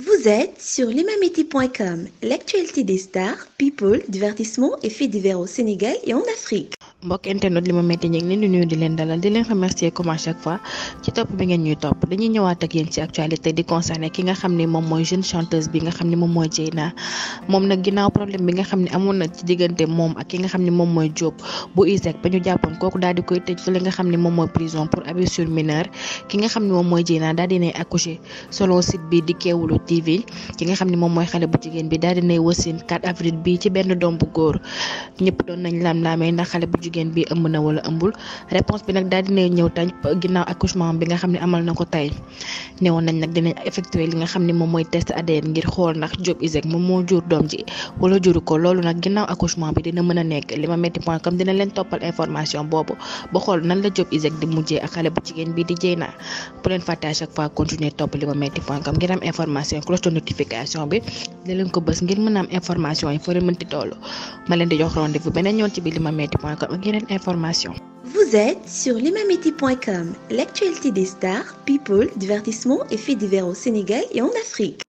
Vous êtes sur l'imamiti.com, l'actualité des stars, people, divertissement et faits divers au Sénégal et en Afrique. mbokk internet li ma metti ñu ngi leen di nuyu di leen dalal di leen remercier comme à chaque fois ci top bi ngeen ñuy top dañuy ñëwaat ak yeen ci actualité di concerné ki nga xam ne moom mooy jeune chanteuse bi nga xam ne moom mooy Dieyna moom nag ginnaaw problème bi nga xam ne amoon na ci diggante moom ak ki nga xam ne moom mooy Diop bu isaac ba ñu jàppoon kooku daal di koy tëj fa li nga xam ne moom mooy prison pour abus sur mineur ki nga xam ne moom mooy Dieyna daal dinay accouché selon site bi di Kéwoulo TV ki nga xam ne moom mooy xale bu jigéen bi daal dinay wasin 4 avril bi ci benn doom góor ñëpp doon nañ lam-laamee ndax xale bu jigéen bi ëmb na wala ëmbul réponse bi nag daal dina ñëw tey ginnaaw accouchement bi nga xam ne amal na ko tey newoon nañ nag dinañ effectuer li nga xam ne moom mooy test ADN ngir xool ndax job isek moom moo jur doom ji wala juru ko loolu nag ginnaaw accouchement bi dina mën a nekk metti point comme dina leen toppal information boobu ba xool nan la job isek di mujjee ak xale bu jigéen bi di Dieyna bu leen fàtte à chaque fois continuer topp comme ngir am information cloche de notification bi da leen ko bës ngir mën a am information yi foo leen ti toll ma leen di jox rendez-vous beneen yoon ci bi limametti.com Vous êtes sur l'imamiti.com, l'actualité des stars, people, divertissement et faits divers au Sénégal et en Afrique.